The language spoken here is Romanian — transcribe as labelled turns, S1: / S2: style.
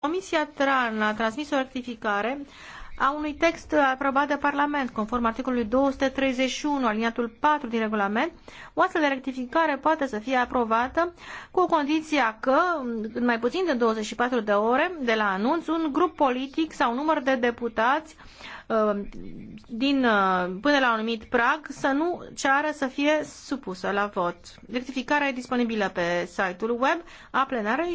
S1: Comisia TRAN a transmis o rectificare a unui text aprobat de Parlament, conform articolului 231, aliniatul 4 din regulament. O astfel de rectificare poate să fie aprobată cu condiția că, în mai puțin de 24 de ore de la anunț, un grup politic sau un număr de deputați uh, din, uh, până la un anumit prag să nu ceară să fie supusă la vot. Rectificarea e disponibilă pe site-ul web a plenarei